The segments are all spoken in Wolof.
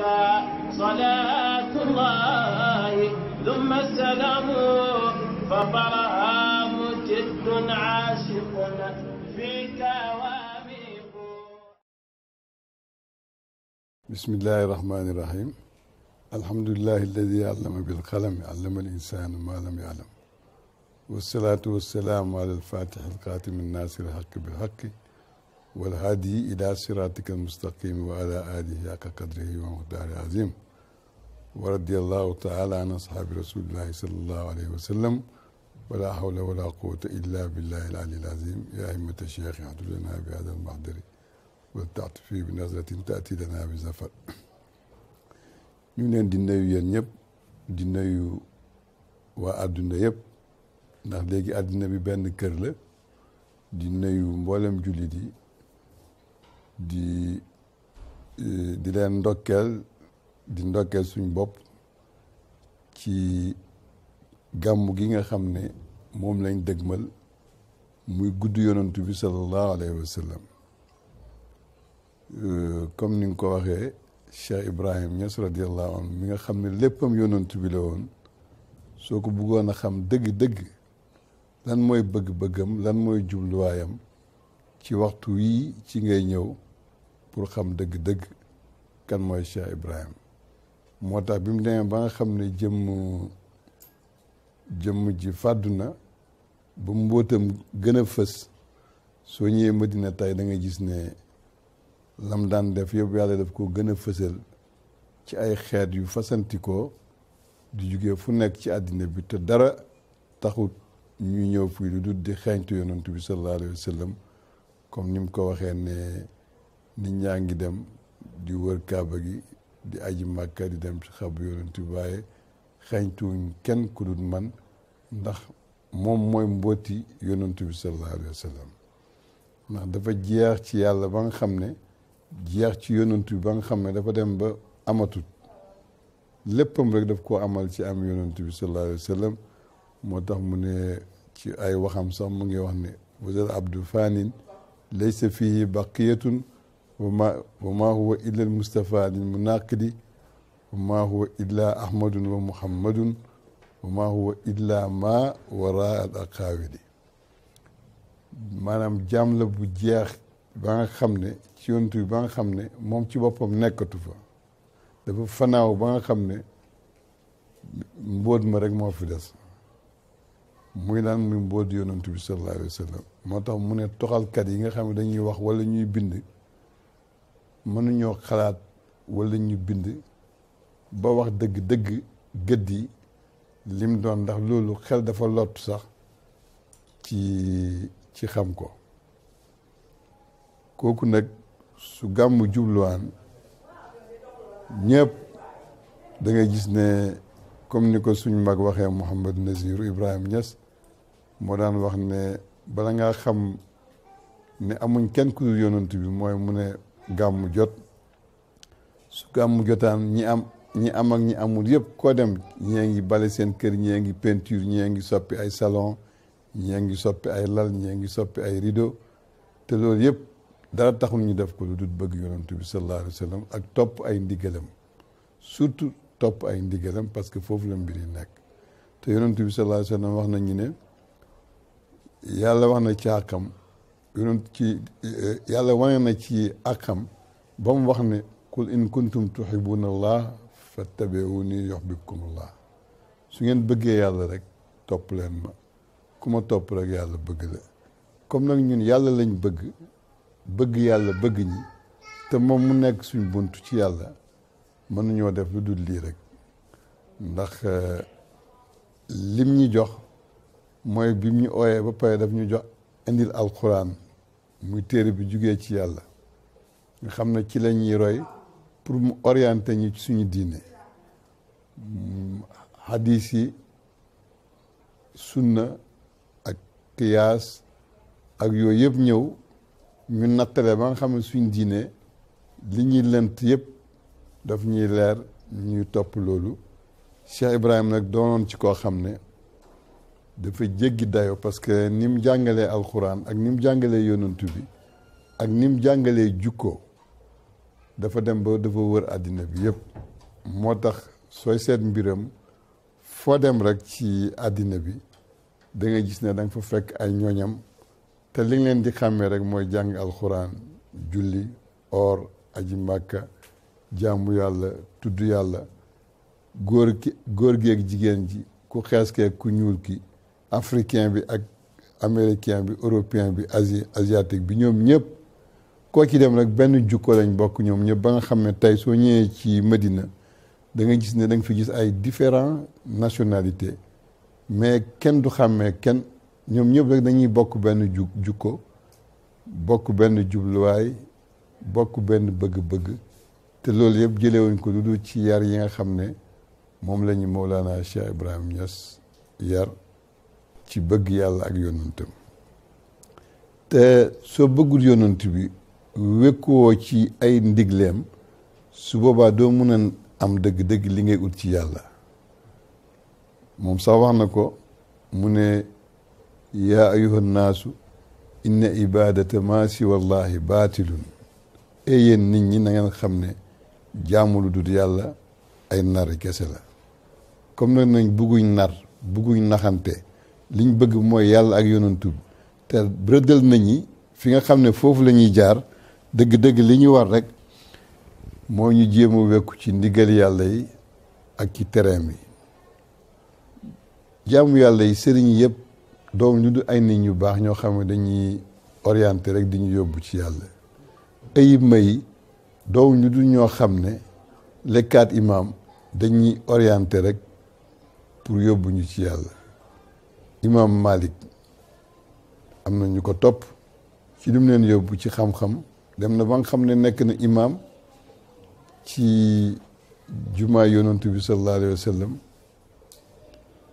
عليك صلاة الله ثم السلام فبرهام جد عاشق فيك واميق بسم الله الرحمن الرحيم الحمد لله الذي علم بالقلم علم الإنسان ما لم يعلم والصلاة والسلام على الفاتح القاتم الناصر الحق بالحق والهادي إلى صراطك المستقيم وعلى آله حق قدره ومقداره العظيم ورضي الله تعالى عن أصحاب رسول الله صلى الله عليه وسلم ولا حول ولا قوة إلا بالله العلي العظيم يا أئمة الشيخ اهدوا لنا بهذا المحضر والتعطف بنظرة تأتي لنا بزفر ñu leen di nuyu yéen ñëpp di nuyu waa àdduna yëpp ndax léegi àdduna bi benn kër la di nuyu mboolem jullit yi di e, di leen ndokkeel di ndokkeel suñ bopp ci gàmm gi nga xam ne moom lañ dëgmal muy gudd yonantu bi sallallahu alayhi wa sallam e, comme ni nga ko waxee Cheikh Ibrahim Niass radiallahu anhu mi nga xam ne léppam yonantu bi la woon soo ko bëggoon a xam dëgg-dëgg lan mooy bëgg-bëggam lan mooy jubluwaayam ci waxtu wii ci ngay ñëw pour xam dëgg-dëgg kan mooy Cheikh Ibrahim moo tax bi mu demee ba nga xam ne jëmm jëmm ji fàddu na ba mbóotam gën a fës soo ñëwee Madina tey da gis ne lam daan def yëpp yàlla daf ko gën a fësal ci ay xeet yu fasantikoo di jugee fu nekk ci àddina bi te dara taxut ñuy ñëw fii lu dul di xeeñtu yonantu bi sallallahu alayhi wa comme ni mu ko waxee ne nit ñaa ngi dem di wër kaaba gi di aji màkka di dem ci xab yonent bi waaye xañtuwuñ kenn ku dul man ndax moom mooy mbooti yonent bi sallallahu ndax dafa jeex ci yàlla ba nga xam ne jeex ci yonent ba nga xam ne dafa dem ba amatut léppam rek daf koo amal ci am yonent bi sallallahu moo tax mu ne ci ay waxam sax mu ngi wax ne wasal abdu fanin laysa fihi baqiyatun wama wama huwa illa almustafa lilmunaqidi wama huwa illa ahmadun wa muhammadun wama huwa illa ma wara al aqaawili maanaam jaam la bu jeex ba nga xam ne ci yontu bi nga xam ne moom ci boppam nekkatu fa dafa fanaaw ba nga xam ne mbóot ma rek moo fi des muy naan muy mbóot yonantu bi sallallahu alayhi wa moo tax mu ne toxalkat yi nga xam ne dañuy wax wala ñuy bind mënuñoo xalaat walla ñu bind ba wax dëgg-dëgg gëdd lim doon ndax loolu xel dafa lott sax ci ci xam ko kooku nag su gàmmu jubluwaan ñëpp dangay gis ne comme ni ko suñ mag waxee Mouhamad Nazir Ibrahima Niass moo daan wax ne bala nga xam ne amuñ kenn ku yonant bi mooy mu ne gàmmu jot su gàmmu jotaan ñi am ñi am ak ñi amul yëpp koo dem ñee ngi bale seen kër ñee ngi peinture ñee ngi soppi ay salon ñee ngi soppi ay lal ñee ngi soppi ay rideau te loolu yëpp dara taxul ñu def ko lu dul bëgg yonent bi sallallahu alayhi ak topp ay ndigalam surtout topp ay ndigalam parce que foofu la mbir yi nekk te yonent bi sallallahu alayhi wa wax nañu ne yàlla wax na caakam yonent ci yàlla wane na ci àqam ba mu wax ne qul in kuntum tuhibbuuna allah fattabi'uuni yuhbibkum allah su ngeen bëggee yàlla rek topp leen ma ku ma topp rek yàlla bëgg la comme nag ñun yàlla lañ bëgg bëgg yàlla bëgg ñi te moom mu nekk suñ bunt ci yàlla mën nañoo def lu dul lii rek ndax euh, lim ñi jox mooy bim ñu ooyee ba pare daf ñu jox indil alquran muy téere bi jugee ci yàlla nga xam na ci la ñuy roy pour mu orienter ñu ci suñu diine mm, hadis yi sunna ak kiyaas ak yooyu yëpp ñëw ñu nattale ba nga xam ne suñu diine li ñuy lënt yëpp daf ñuy leer ñuy topp loolu Cheikh Ibrahim nag doonoon ci koo xam ne dafa jéggi dayo parce que ni mu jàngalee alxuraan ak ni mu jàngalee yonantu bi ak ni mu jàngalee jukko dafa dem ba dafa wër àddina bi yëpp moo tax sooy seet mbiram foo dem rek ci àddina bi dangay gis ne danga fa fekk ay ñooñam te li nga leen di xàmmee rek mooy jàng alxuraan julli or aji màkka jaamu yàlla tudd yàlla góor ki gi ak jigéen ji ku xees kee ku ñuul ki africain bi ak américain bi européen bi asie asiatique bi ñoom ñëpp koo ci dem rek benn jukko lañ bokk ñoom ñëpp ba nga xam ne tey soo ñëwee ci Medina da nga gis ne danga fi gis ay différents nationalités mais kenn du xàmmee kenn ñoom ñëpp rek dañuy bokk benn ju jukko bokk benn jubluwaay bokk benn bëgg-bëgg te loolu yëpp jëlewuñ ko lu dul ci yar yi nga xam ne moom la ñu Mawlana Cheikh Ibrahim Niass yar ci bëgg yàlla ak yonantam te soo bëggul yonant bi wékkuwoo ci ay ndigleem su boobaa doo mun a am dëgg-dëgg li ut ci yàlla moom sax wax na ko mu ne yaa ayuha naasu inna ibadata maa wallahi baatilun e yéen nit ñi na ngeen xam ne jaamulu dut yàlla ay nar kese la comme nag nañ bugguñ nar bugguñ naxante liñ bëgg mooy yàlla ak yonantu bi te rëddal nañ fi nga xam ne foofu lañuy jaar dëgg-dëgg li ñu war rek moo ñu jéem a wekku ci ndigal yàlla yi ak ci tereem yi jaamu yàlla yi sëriñ yëpp doom ñu du ay nit ñu baax ñoo xam ne dañuy orienté rek di ñu yóbbu ci yàlla ayib may doom ñu du ñoo xam ne lekkaat imaam dañuy orienté rek pour yóbbu ñu ci yàlla imaam Malik am na ñu ko topp ci lim leen yóbbu ci xam-xam dem na ba nga xam ne nekk na imaam ci jumaa yonantu bi sallallahu alayhi wa sallam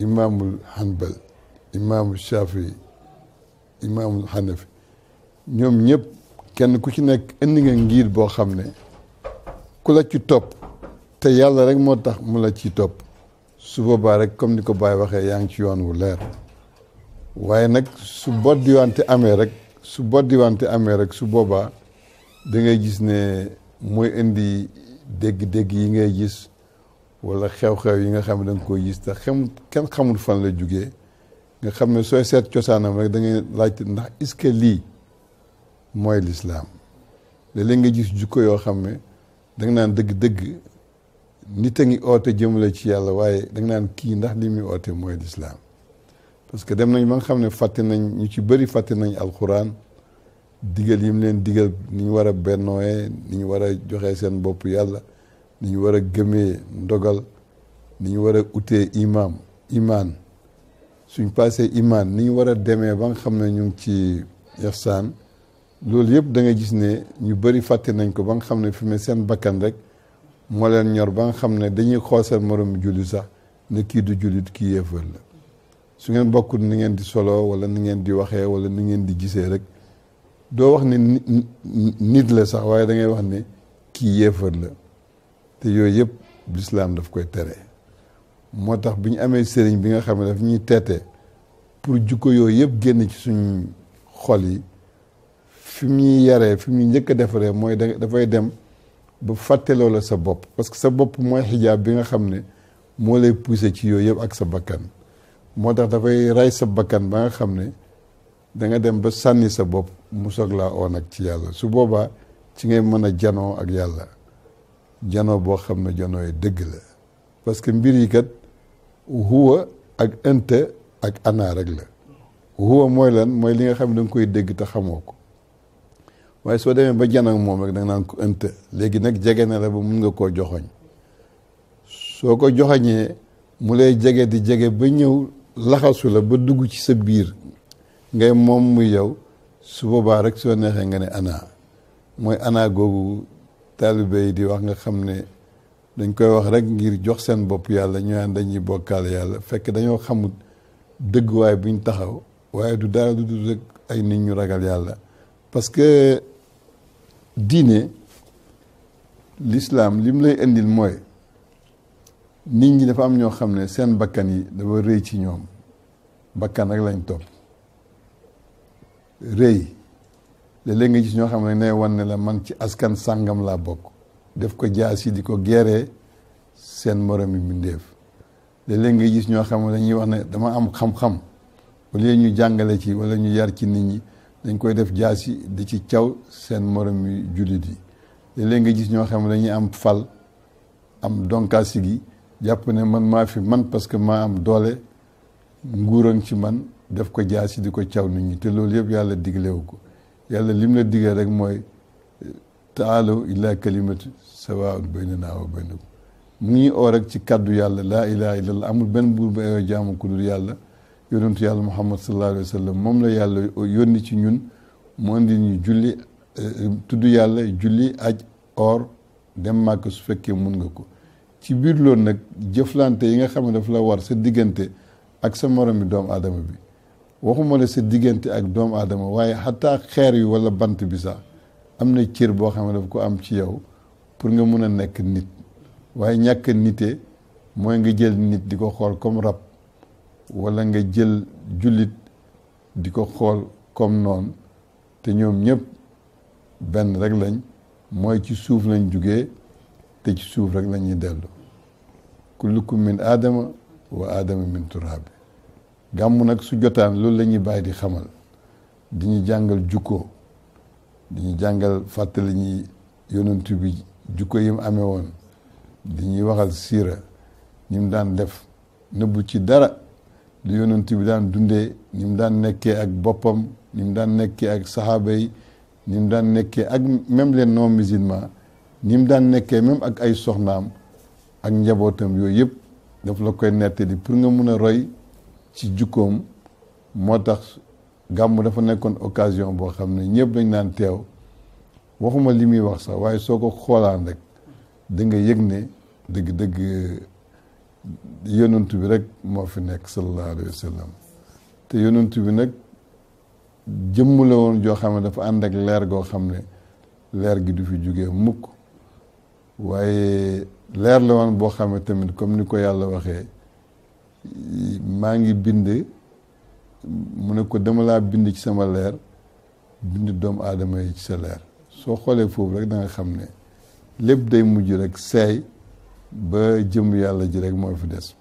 imaamul Hanbal imaamul Shafi imaamul Hanafi ñoom ñëpp kenn ku ci nekk indi nga ngir boo xam ne ku la ci topp te yàlla rek moo tax mu la ci topp su boobaa rek comme ni ko Baye waxee yaa ngi ci yoon wu leer waaye nag su boddiwante amee rek su boddiwante amee rek su boobaa da gis ne mooy indi dégg-dégg yi ngay gis wala xew-xew yi nga xam ne da koy gis te xam kenn xamul fan la jugee nga xam ne sooy seet cosaanam rek da ngay laajte ndax est lii mooy lislaam léeg-léeg nga gis jukko yoo xam ne da naan dëgg-dëgg nit a ngi oote jëmale ci yàlla waaye da naan kii ndax li muy oote mooy lislaam parce que dem nañ ba nga xam ne fàtte nañ ñu ci bëri fàtte nañ alxuraan digal yi mu leen digal ni ñu war a bennooyee ni ñu war a joxe seen bopp yàlla ni war a gëmee ndogal ni war a utee imaam imaan suñ passé imaan ni war a demee ba nga xam ne ñu ci ihsaan loolu yëpp da nga gis ne ñu bëri fàtte nañ ko ba nga xam ne fi mu seen bakkan rek moo leen ñor ba nga xam ne dañuy xoosal moroom julli sax ne kii du jullit kii yéefar la su ngeen bokkul ni ngeen di solo wala ni ngeen di waxee wala ni ngeen di gisee rek doo wax ne nit la sax waaye da ngay wax ni kii yéefar la te yooyu yëpp lislaam daf koy tere moo tax bi ñu amee sëriñ bi nga xam ne daf ñuy teete pour jukko yooyu yëpp génn ci suñ xol yi fi mu yaree fi mu njëkk a defaree mooy dafay dem ba fàtteloo la sa bopp parce que sa bopp mooy xijaab bi nga xam ne moo lay poussé ci yooyu yëpp ak sa bakkan moo tax dafay rey sa bakkan ba nga xam ne da nga dem ba sànni sa bopp mu soog laa oo nag ci yàlla su boobaa ci ngay mën a janoo ak yàlla janoo boo xam ne janooy dëgg la parce que mbir yi kat huwa ak ënta ak ana rek la huwa mooy lan mooy li nga xam ne da koy dégg te xamoo ko waaye soo demee ba janag moom rek da nga naan ko ënta léegi nag jege na la ba mun nga koo joxoñ soo ko joxoñee mu lay jege di jege ba ñëw laxasu la ba dugg ci sa biir ngay moom muy yow su boobaa rek soo neexee nga ne ana mooy ana googu taalibe yi di wax nga xam ne dañ koy wax rek ngir jox seen bopp yàlla ñu dañuy bokkaal yàlla fekk dañoo xamut dëgguwaay buñ taxaw waaye du dara du dul rek ay nit ñu ragal yàlla parce que diine l'islam lim lay indil mooy nit ñi dafa am ñoo xam ne seen bakkan yi dafa rëy ci ñoom bakkan rek lañ topp rëy léeg-léeg nga gis ñoo xam ne ne wan ne la man ci askan sàngam laa bokk def ko jaas yi di ko geeree seen moromi mbindéef léeg-léeg nga gis ñoo xam ne dañuy wax ne dama am xam-xam wala ñu jàngale ci wala ñu yar ci nit ñi dañ koy def jaas yi di ci caw seen moromi jullit yi léeg-léeg nga gis ñoo xam ne dañuy am fal am donkaasi gi jàpp ne man maa fi man parce que maa am doole nguuran ci man def ko jaasi di ko caw ni ñi te loolu yëpp yàlla diglewu ko yàlla lim la digal rek mooy taalaw ila kalimatu sawaun baynana wa baynakum mu ngi oo ci kàddu yàlla laa ilaha illallah amul benn buur ba yoo jaamu ku dul yàlla yonentu yàlla muhammad sallallahu alayhi wa moom la yàlla yónni ci ñun mu indi ñu julli eh, tudd yàlla julli aj or dem màkk su fekkee mun nga ko ci biir lool nag jëflante yi nga xam daf la war sa diggante ak sa moromi doomu aadama bi waxuma la sa diggante ak doomu aadama waaye xataa xeer yi walla bant bi sax am na cër boo xam ne daf ko am ci yow pour nga mun a nekk nit waaye ñàkk nite mooy nga jël nit di ko xool comme rab walla nga jël jullit di ko xool comme noon te ñoom ñëpp benn rek lañ mooy ci suuf lañ jugee te ci suuf rek lañuy ñuy dellu kullukum min aadama wa aadama min turaabi gàmm nag su jotaan loolu lañuy ñuy di xamal di ñu jàngal jukko di ñu jàngal fàttali ñi yonent bi jukko yi mu amee woon di ñuy waxal siira ñi mu daan def nëbbu ci dara li yonent bi daan dundee ñim daan nekkee ak boppam ni daan nekkee ak saxaaba yi ni daan nekkee ak même les non musulmans ni mu daan nekkee même ak ay soxnaam ak njabootam yooyu yëpp daf la koy nettali pour nga mun a roy ci jukkoom moo tax gàmm dafa nekkoon occasion boo xam ne ñëpp dañ naan teew waxuma li muy wax sax waaye soo ko xoolaan rek da nga yëg ne dëgg-dëgg yonent bi rek moo fi nekk sallallahu alayhi te yonent bi nag jëmm woon joo xam ne dafa ànd ak leer goo xam ne leer gi du fi jógee mukk waaye leer la woon boo xam ne tamit comme ni ko yàlla waxee maa ngi bind mu ne ko dama laa bind ci sama leer bind doomu aadama yi ci sa leer soo xoolee foofu rek da xam ne lépp day mujj rek seey ba jëm yàlla ji rek moo fi des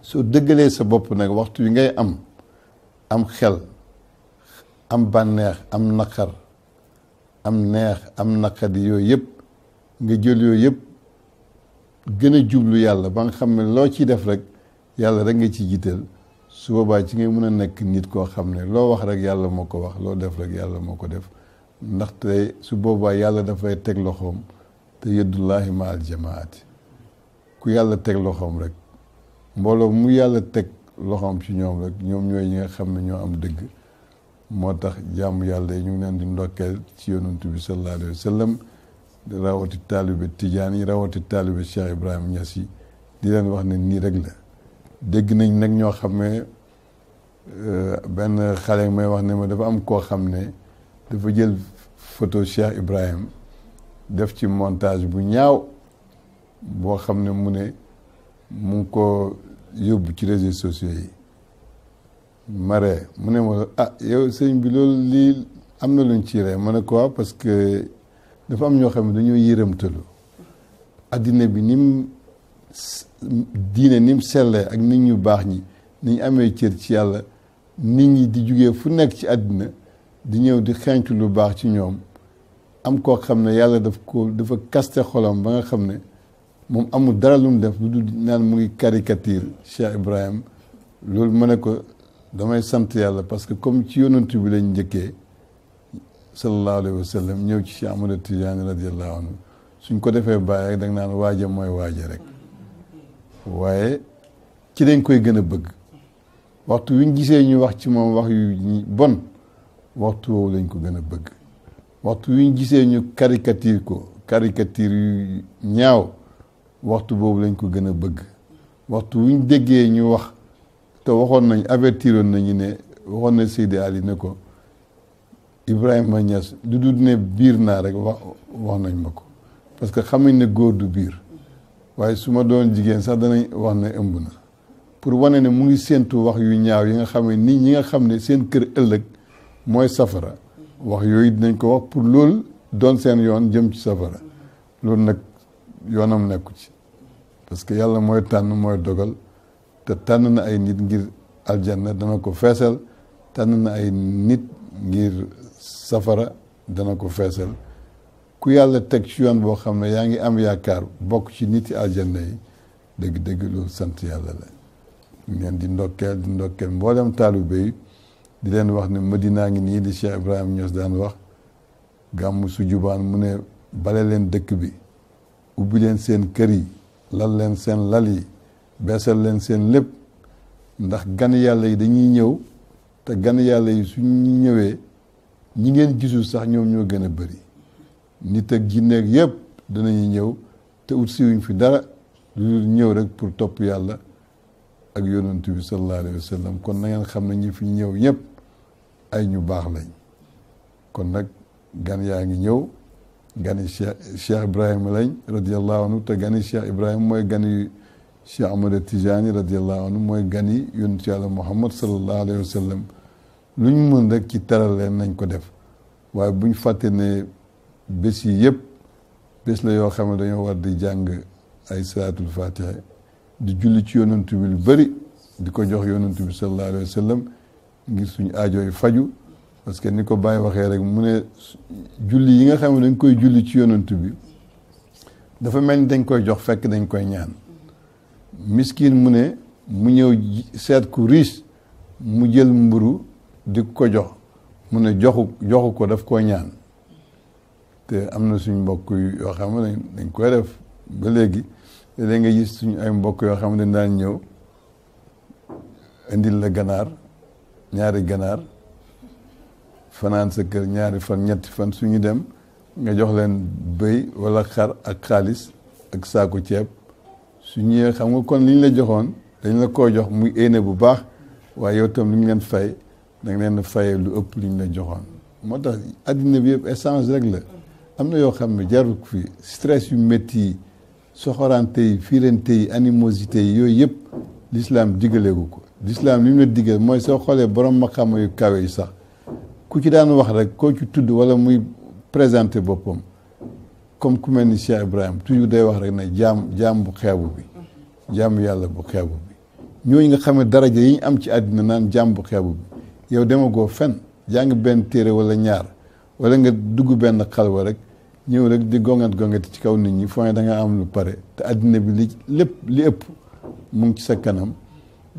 soo dëggalee sa bopp nag waxtu yi ngay am am xel am bànneex am naqar am neex am naqadi yooyu yëpp nga jël yooyu yëpp gën a jublu yàlla ba nga xam ne loo ciy def rek yàlla rek nga ci jiital su boobaa ci ngay mën a nekk nit koo xam ne loo wax rek yàlla moo ko wax loo def rek yàlla moo ko def ndaxte su boobaa yàlla dafay teg loxoom te yëddullaahi ma al ku yàlla teg loxoom rek mbooloo mu yàlla teg loxoom ci ñoom rek ñoom ñooy ñi nga xam ne ñoo am dëgg moo tax jàmm yàlla yi ñu ngi leen di ndokkeel ci yonent bi sallallahu alayhi wa rawati taalibe tijaan yi rawati taalibe Cheikh Ibrahima Niass yi di leen wax na nii rek la dégg nañ nag ñoo xam ne euh, benn xale may wax ne ma dafa am koo xam ne dafa jël photo Cheikh Ibrahima def ci montage bu ñaaw boo xam ne mu ne mu ko yóbbu ci réseaux sociaux yi mare mu ne ma ah yow sëñ bi loolu lii am na luñ ci ree ma ne ko parce que dafa am ñoo xam ne dañoo yërëmtalu addina bi nim diine nim sellee ak nit ñu baax ñi ni ñu amee cër ci yàlla nit ñi di jugee fu nekk ci àddina di ñëw di xenc lu baax ci ñoom am koo xam ne yàlla daf ko dafa kaste xolom ba nga xam ne moom amul dara lu mu def lu dul naan mu ngi caricature Cheikh Ibrahim loolu ma ne ko damay sant yàlla parce que comme ci yonent bi lañ njëkkee sallallahu alayhi wa ñëw ci Cheikh Ahmada Tidiane radiyallahu anhu suñ ko defee bàyyi rek da nga naan waaja mooy waaja rek waaye ci lañ koy gën a bëgg waxtu wi ñu gisee ñu wax ci moom wax yu bon waxtu woowu lañ ko gën a bëgg waxtu wi gisee ñu ko caricature yu ñaaw waxtu boobu lañ ko gën a bëgg waxtu wi ñu déggee ñu wax te waxoon nañ avertiroon nañu ne waxoon na Seydi Ali ne ko Ibrahima Niass du dul ne biir naa rek wax wax nañ ma ko parce que xam nañ ne góor du biir waaye su ma doon jigéen sax danañ wax ne ëmb na pour wane ne mu ngi séentu wax yu ñaaw yi nga xam ne ñi nga xam ne seen kër ëllëg mooy safara wax yooyu dinañ ko wax pour loolu doon seen yoon jëm ci safara loolu nag yoonam nekku ci parce que yàlla mooy tànn mooy dogal te tànn na ay nit ngir aljanna dana ko feesal tànn na ay nit ngir safara dana ko feesal ku yàlla teg ci yoon boo xam ne yaa ngi am yaakaar bokk ci nit yi aljanna yi dëgg dëgg loolu sant yàlla la ngeen di ndokkeel di ndokkeel mboolem taalibe yi di leen wax ne Madina ngi nii di Cheikh Ibrahima Niass daan wax gàmm su jubaan mu ne bale leen dëkk bi ubbi leen seen kër yi lal leen seen lal yi beesal leen seen lépp ndax gan yàlla yi dañuy ñëw te gan yàlla yi suñu ñëwee ñi ngeen gisul sax ñoom ñoo gën a bëri nit ak jinneeg yëpp danañu ñëw te ut siwuñ fi dara lu ñëw rek pour topp yàlla ak yoon bi sallallahu alayhi wa sallam kon na ngeen xam ne ñi fi ñëw ñëpp ay ñu baax lañ kon nag gan yaa ngi ñëw gani Cheikh Cheikh Ibrahima lañ radiallahu anhu te gani Cheikh Ibrahima mooy gani Cheikh Ahmad Tijaani radiallahu anhu mooy gani yonantu yàlla Muhammad sallallahu alayhi wa sallam lu ñu mën rek ci teral leen nañ ko def waaye buñ fàtte ne bés yi yëpp bés la yoo xam ne dañoo war di jàng ay salaatul fatiha di julli ci yonent bi lu bëri di ko jox yonent bi sallallahu ngir suñu aajooy faju parce que ni ko bàyyi waxee rek mu ne julli yi nga xam dañ koy julli ci yonent bi dafa mel ni dañ koy jox fekk dañ koy ñaan miskin mu ne mu ñëw seet ku riis mu jël mburu di ko jox mun ne joxu joxu ko daf koo ñaan te am na suñ mbokk yoo xam ne dañ koy def ba léegi léeg nga gis suñu ay mbokk yoo xam ne daan ñëw indil la ganaar ñaari ganaar fanaan sa kër ñaari fan ñetti fan suñu dem nga jox leen bëy walla xar ak xaalis ak saaku ceeb su ñëwee xam nga kon liñ la joxoon dañ la koo jox muy éene bu baax waaye yow tam li ñu leen fay da nga leen a lu ëpp liñ ñu la joxoon moo tax addina bi yëpp échange rek la am na yoo xam ne jarul fi stress yu metti yi soxorante yi fiirante yi animosité yi yooyu yëpp l'islam digaleegu ko l'islam li mu la mooy soo xoolee borom maqaama yu kawe yi sax ku ci daan wax rek koo ci tudd wala muy présenter boppam comme ku mel ni Cheikh Ibrahim toujours day wax rek na jaam jaam bu xeebu bi jaamu yàlla bu xeebu bi ñooñu nga xam ne daraja yi am ci àddina naan jaam bu yow demagoo fen jàng benn téere wala ñaar wala nga dugg benn xalwa rek ñëw rek di gongat gongati ci kaw nit ñi foo ne da am lu pare te àddina bi li lépp li ëpp mu ngi ci sa kanam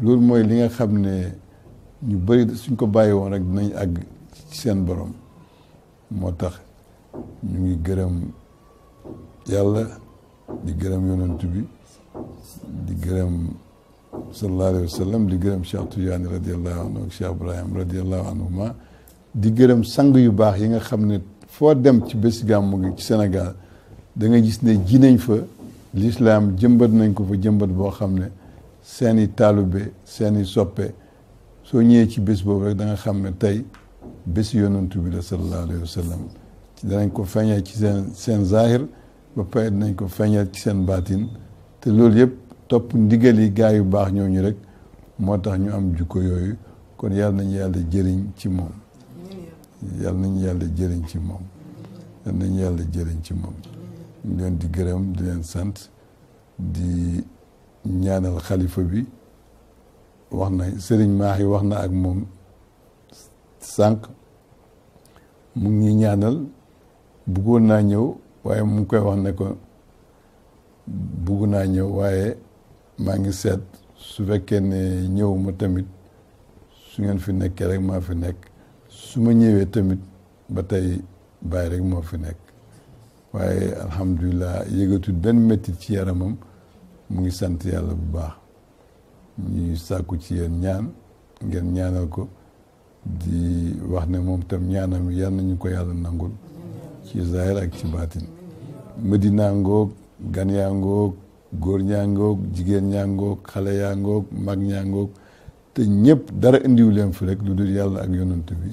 loolu mooy li nga xam ne ñu bëri suñ ko bàyyi woon rek dinañ àgg ci seen borom moo tax ñu ngi gërëm yàlla di gërëm yonent bi di gërëm sallallahu alayhi wa di gërëm Cheikh Tidiane radiallahu anhu ak Cheikh Ibrahim radiallahu anhuma di gërëm sang yu baax yi nga xam ne foo dem ci bés gàmmu gi ci Sénégal danga nga gis ne ji nañ fa lislaam jëmbat nañ ko fa jëmbat boo xam ne seeni taalube seeni soppe soo ñëwee ci bés boobu rek da xam ne tey bés yonantu bi la sallallahu alayhi danañ ko feeñal ci seen seen zahir ba pare dinañ ko feeñal ci seen baatin te loolu yëpp topp ndigal yi gaa yu baax ñooñu rek moo tax ñu am jukko yooyu kon yàlla nañu yàlla jëriñ ci moom yàlla nañu yàlla jëriñ ci moom yàlla nañu yàlla jëriñ ci moom ñu leen di gërëm di leen sant di ñaanal xalifa bi wax na sëriñ maax yi wax na ak moom sànq mu ngi ñaanal bëggoon naa ñëw waaye mu ngi koy wax ne ko bëgg naa ñëw waaye maa ngi seet su fekkee ne ñëwuma tamit su ngeen fi nekkee rek maa fi nekk su ma ñëwee tamit ba tey bàyyi rek moo fi nekk waaye alhamdulilah yëgatul benn métti ci yaramam mu ngi sant yàlla bu baax ñuy sàkku ci yéen ñaan ngeen ñaanal ko di wax ne moom tam ñaanam yal nañu ko yàlla nangul ci zahir ak ci baatin Medina ngoog gan yaa góor ñaangoog jigéen ñaangoog xale yaangoog mag ñaangoog te ñëpp dara indiwu leen fi lu dul yàlla ak yonant bi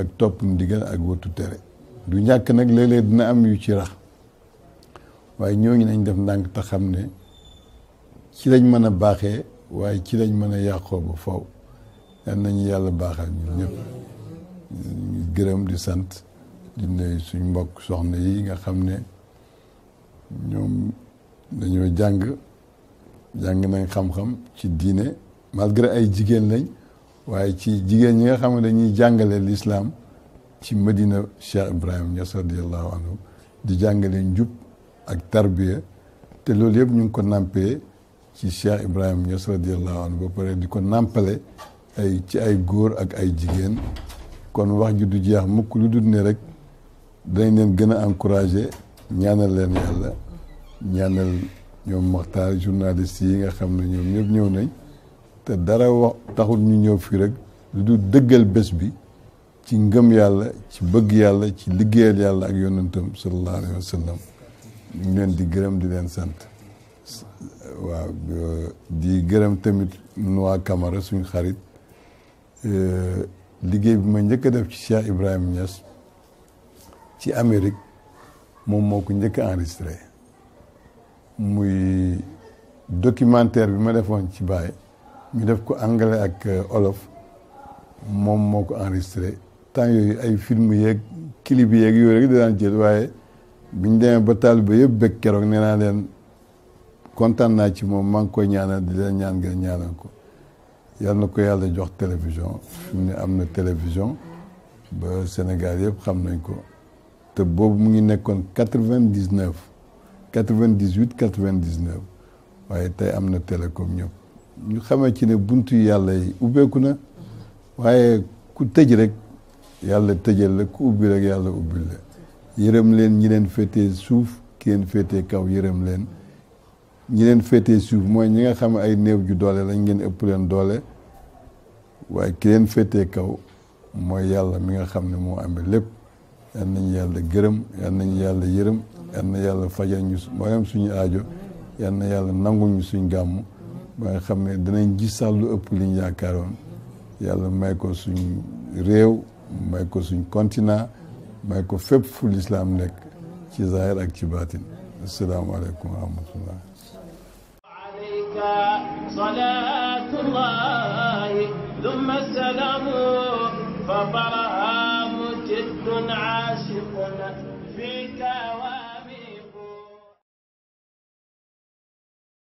ak topp ndigal ak wattu tere du ñàkk nag léeg-léeg dina am yu ci rax waaye ñooñu nañ def ndànk te xam ne ci lañ mën a baaxee waaye ci lañ mën a yàqoo ba faw yal nañu yàlla baaxal ñun ñëpp ñu di sant di nuyu suñ mbokk soxna yi nga xam ne dañoo jàng jàng nañ xam-xam ci diine malgré ay jigéen lañ waaye ci jigéen ñi nga xam ne dañuy jàngale lislaam ci madina Cheikh Ibrahim Niass radiallahu anhu di jàngale njub ak tarbiya te loolu yëpp ñu ngi ko nampee ci Cheikh Ibrahim Niass radiallahu anhu ba pare di ko nàmpale ay ci ay góor ak ay jigéen kon wax ji du jeex mukk lu dul ne rek dañ leen gën a encouragé ñaanal leen yàlla ñaanal ñoom maxtaar journaliste yi nga xam ne ñoom ñëpp ñëw nañ te dara wax taxul ñu ñëw fii rek lu du dëggal bés bi ci ngëm yàlla ci bëgg yàlla ci liggéeyal yàlla ak yonentam sallallahu alayhi wa ñu leen di gërëm di leen sant waaw di gërëm tamit ñun waa Camara suñu xarit euh, liggéey bi ma njëkk def ci Cheikh Ibrahima Niass ci Amérique moom moo ko njëkk a enregistré muy documentaire bi ma defoon ci baay ñu def ko anglais ak euh, olof moom moo ko enregistré temps yooyu ay film yeeg clip yeeg yooyu rek daan jël waaye biñ demee ba taaliba yëpp bëgg keroog nee naa leen kontaan naa ci moom maa ngi koy ñaanal di leen ñaan ngeen ñaanal ko yal na ko yàlla jox télévision fi mu am na télévision ba Sénégal yëpp xam nañ ko te boobu mu ngi nekkoon quatre-vingt-dix-neuf 98 99 waaye tey am na télécom ñëpp ñu xamee ci ne buntu yàlla yi ubbeeku na waaye ku tëj rek yàlla tëjal la ku ubbi rek yàlla ubbil la yërëm leen ñi leen féetee suuf ki leen féetee kaw yërëm leen ñi leen féetee suuf mooy ñi nga xam ay néew ju doole lañ ngeen ëpp leen doole waaye ki leen féetee kaw mooy yàlla mi nga xam ne moo amee lépp yal nañu yàlla gërëm yal nañu yàlla yërëm yal na yàlla fajal ñu mboolem suñu aajo yal na yàlla nanguñu suñ gàmm ba nga xam ne danañ lu ëpp liñ yaakaaroon yàlla may ko suñ réew may ko suñ continent may ko fépp fu lislaam nekk ci zahir ak ci baatin asalaamaaleykum wa rahmatullah صلاة الله ثم السلام فطرها مجد عاد